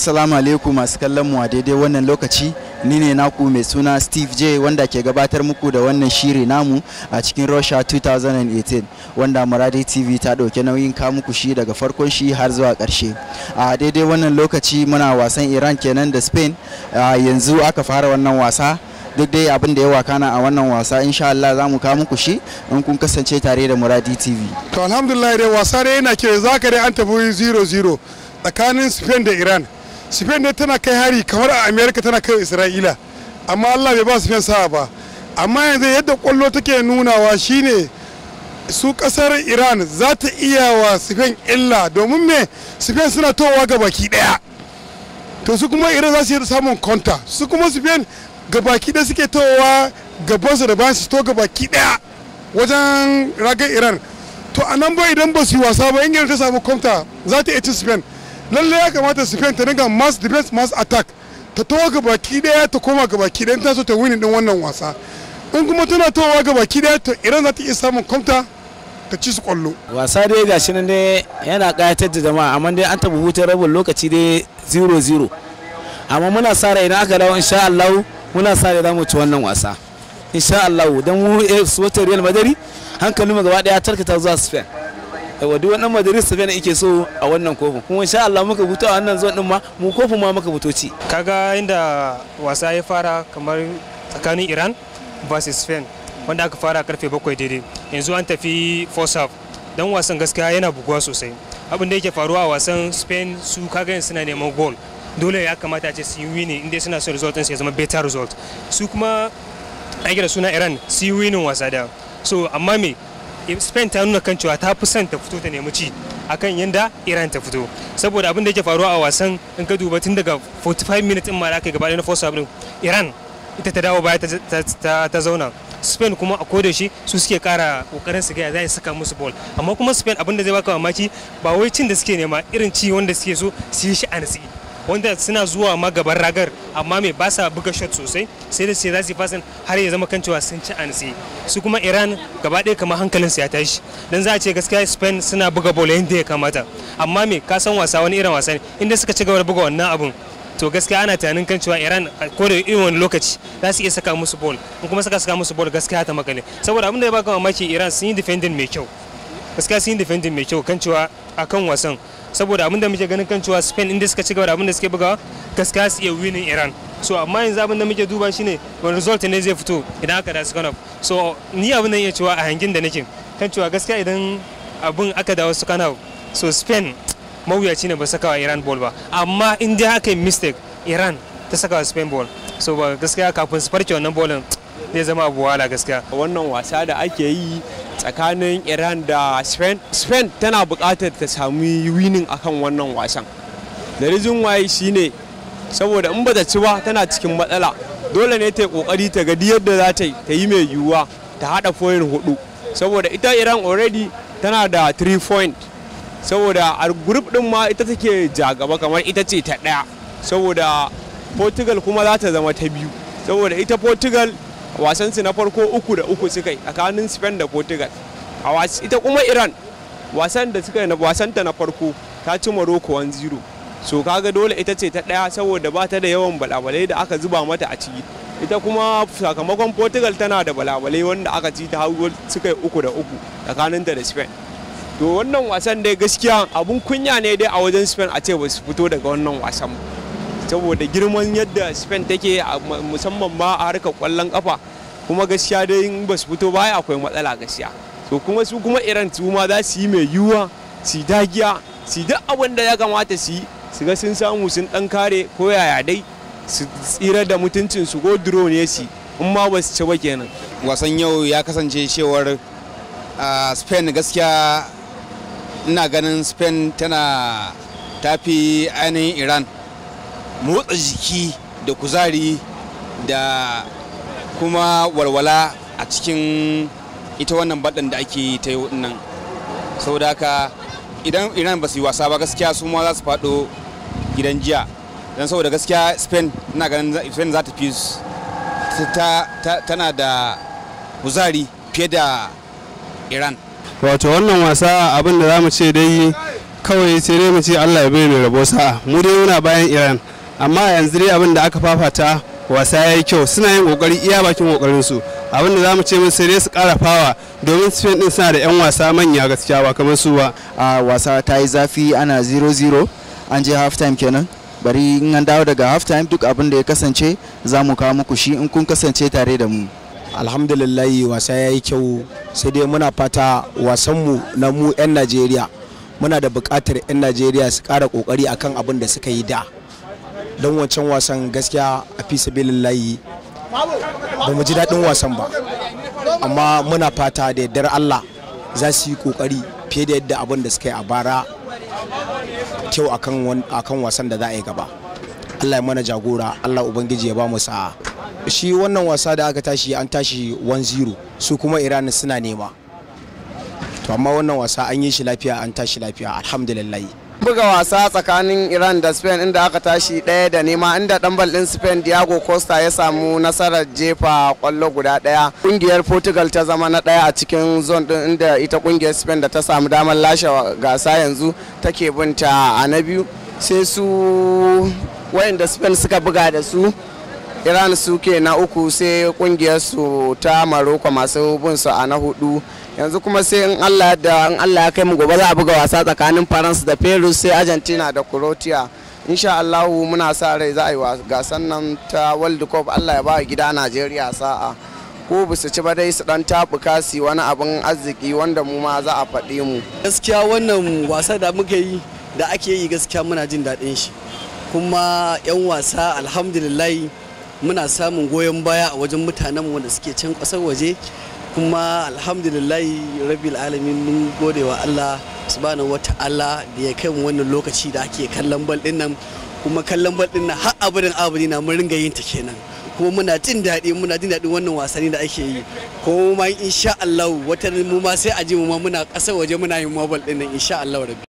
Assalamu alaikum masu kallon mu a daidai wannan lokaci ni ne naku mai suna Steve J wanda ke gabatar muku da wannan shiri namu a cikin Russia 2018 wanda Muradi TV ta ɗauki nauyin ka muku shi daga farkon shi har zuwa karshe A daidai wannan lokaci muna wasan Iran kenan da Spain yanzu aka fara wannan wasa duk dai abin da ya wakana a wannan wasa insha Allah za mu ka muku shi in kun kasance tare da Muradi TV. To alhamdulillah dai wasa dai yana ke zaka dai an tafi 0-0 tsakanin Spain da Iran. spain ne tana kai hari kamar a Amerika tana kai isra'ila amma allah bai ba spain sa'a ba amma yanzu yadda kwallo take nunawa shine su kasar iran za ta iya wa spain illa domin me spain suna towa ga baki daya to su kuma iran za su yi samun kwanta su kuma spain ga baki daya suke towa su da bayan su to ga baki daya wajen ragar iran to a nan ba idan ba su yi wasa ba ingila ta samu kwanta za ta iya ci spain lalle ya kamata Spain ta dinga mass defense mass attack ta towa ga baki daya ta koma ga baki daya ta so ta wini din wannan wasa in kuma tana towa ga baki daya to Iran za ta iya samun kwamta ta ci su kwallo wasa dai gashi nan dai yana kayatar da jama'a amma dai an taɓa hutun rabin lokaci dai 0-0 amma muna sa rai idan aka dawo insha Allah muna sa rai za mu ci wannan wasa insha Allah don mu eh, Real Madrid hankalin mu gaba daya tarkata zuwa Spain yawa duk wannan madrid spain ike so a wannan kofin kuma insha Allah muka fito a wannan zuwan din ma mu kofin ma muka fito ci kaga inda wasa ya fara kamar tsakanin Iran versus Spain wanda aka fara karfe 7 daidai yanzu an tafi first half dan wasan gaskiya yana buguwa sosai abin da yake faruwa a wasan Spain su kaga yanzu suna neman goal dole ya kamata a ce su yi ne inda suna so result ya zama better result su kuma aiki da suna Iran su yi winning wasa da so amma me spain ta nuna kan cewa ta fi son ta fito ta nemi ci akan yadda iran ta fito saboda abin da yake faruwa a wasan in ka duba tun daga 45 minutes in ma da aka gaba na first half iran ita ta dawo baya ta zauna spain kuma a koda shi su suke kara kokarin su ga za saka musu ball amma kuma spain abin da zai baka mamaki ba wai cin da suke nema irin ci wanda suke so su yi shi a nasi wanda suna zuwa ma ragar amma mai ba sa buga shot sosai sai da sai za su fasin har ya zama kan cewa sun ci an su kuma iran gaba ɗaya kamar hankalin su ya tashi dan za a ce gaskiya spain suna buga bola yadda ya kamata amma me ka san wasa wani irin wasa ne inda suka ci gaba da buga wannan abun to gaskiya ana tunanin kan cewa iran ko da irin wani lokaci za su iya saka musu bol in kuma saka saka musu bol gaskiya ta makale saboda abin da ya baka mamaki iran sun yi defending mai kyau gaskiya sun yi defending mai kyau kan cewa akan wasan saboda abinda muke ganin kan cewa Spain inda suka ci gaba da abinda suke bugawa gaskiya su iya winning Iran so amma yanzu abinda muke duba shine wani result ne zai fito idan aka da Sukanov so ni abin da iya cewa a hangin da nake kan cewa gaskiya idan abin aka dawo Sukanov so Spain mawuyaci ne ba saka wa Iran ball ba amma in dai aka yi mistake Iran ta saka wa Spain ball so ba gaskiya kafin su farke wannan ballin zai zama abu wahala gaskiya wannan wasa da ake yi tsakanin iran da spain spain tana bukatar ta sami winning akan wannan wasan da waye shine saboda in ba ta ci ba tana cikin matsala dole ne ta yi kokari ta gadi yadda za ta yi ta yi mai yiwuwa ta hada foyin hudu saboda ita iran already tana da 3 point saboda a group din ma ita take gaba kamar ita ce ta daya saboda portugal kuma za ta zama ta biyu saboda ita portugal wasansu na farko uku da uku suka yi tsakanin spain da portugal a ita kuma iran wasan da suka wasanta na farko ta ci morocco 1-0 so kaga dole ita ce ta ɗaya saboda ba ta da yawan balabalai da aka zuba mata a ciki ita kuma sakamakon portugal tana da balabalai wanda aka ci ta hau suka yi uku da uku tsakaninta da spain to wannan wasan dai gaskiya abun kunya ne dai a wajen spain a ce ba su fito daga wannan wasan ba saboda girman yadda spain take musamman ma a harkar kwallon kafa kuma gaskiya dai in ba su fito baya akwai matsala gaskiya to kuma su kuma iran su ma za su yi mai yiwuwa su dagiya su duk abin da ya kamata su yi su ga sun samu sun dan kare ko yaya dai su tsira da mutuncin su ko duro ne su in ma ba su ci ba kenan wasan yau ya kasance cewar spain gaskiya ina ganin spain tana tafi ainihin iran motsa jiki da kuzari da kuma walwala a cikin ita wannan baɗin da ake ta yi nan saboda haka idan iran ba su yi wasa ba gaskiya su ma za su faɗo gidan jiya don saboda gaskiya spain na ganin spain za ta fi tana da kuzari fiye da iran wato wannan wasa abin da za mu ce dai kawai sai dai mu ce allah ya bai mai rabo sa'a mu dai muna bayan iran amma yanzu dai abin da aka fafata wasa ya yi kyau suna yin kokari iya bakin kokarin su abin da zamu ce mun sai dai su kara fawa domin Spain din suna da yan wasa manya gaskiya ba kamar su ba a wasa ta yi zafi ana 0-0 an je half time kenan bari in an dawo daga half time duk abin da ya kasance za mu kawo muku shi in kun kasance tare da mu alhamdulillahi wasa ya yi kyau sai dai muna fata wasanmu na mu 'yan najeriya muna da buƙatar 'yan najeriya su ƙara ƙoƙari akan abin da suka yi da don wancan wasan gaskiya a fi ba mu ji daɗin wasan ba amma muna fata da yardar Allah za su yi kokari fiye da yadda abin da suka yi a bara kyau akan wasan da za a yi gaba Allah ya mana jagora Allah ubangiji ya ba mu sa'a shi wannan wasa da aka tashi an tashi 1-0 su kuma Iran suna nema to amma wannan wasa an yi shi lafiya an tashi lafiya alhamdulillah buga wasa tsakanin iran da spain inda aka tashi ɗaya da nema inda ɗan ɗin spain diago costa ya samu nasarar jefa kwallo guda ɗaya ƙungiyar portugal ta zama na ɗaya a cikin zone ɗin inda ita ƙungiyar spain da ta samu damar lashe gasa yanzu take binta a na biyu sai su wayanda spain suka buga da su iran suke na uku sai kungiyar su ta maroko masu bin su a na hudu yanzu kuma sai in allah da in allah ya kai mu gobe za a buga wasa tsakanin faransa da peru sai argentina da croatia insha allahu muna sa rai za a yi gasan nan ta world cup allah ya ba gida najeriya sa'a ko bu su ci ba dai su dan tabuka su wani abin arziki wanda mu ma za a faɗi mu gaskiya wannan wasa da muka yi da ake yi gaskiya muna jin daɗin shi kuma 'yan wasa alhamdulillah muna samun goyon baya a wajen mutanen wanda suke can ƙasar waje kuma alhamdulillahi rabbil alamin mun gode wa Allah subhanahu ta'ala da ya kai wannan lokaci da ake kallon bal din nan kuma kallon bal din nan har abudin abudi na mun ringa yin ta kenan kuma muna jin daɗi muna jin daɗin wannan wasanni da ake yi kuma ma insha Allah wata mu ma sai a ji mu ma muna ƙasar waje muna yin mobile din nan insha Allah rabbi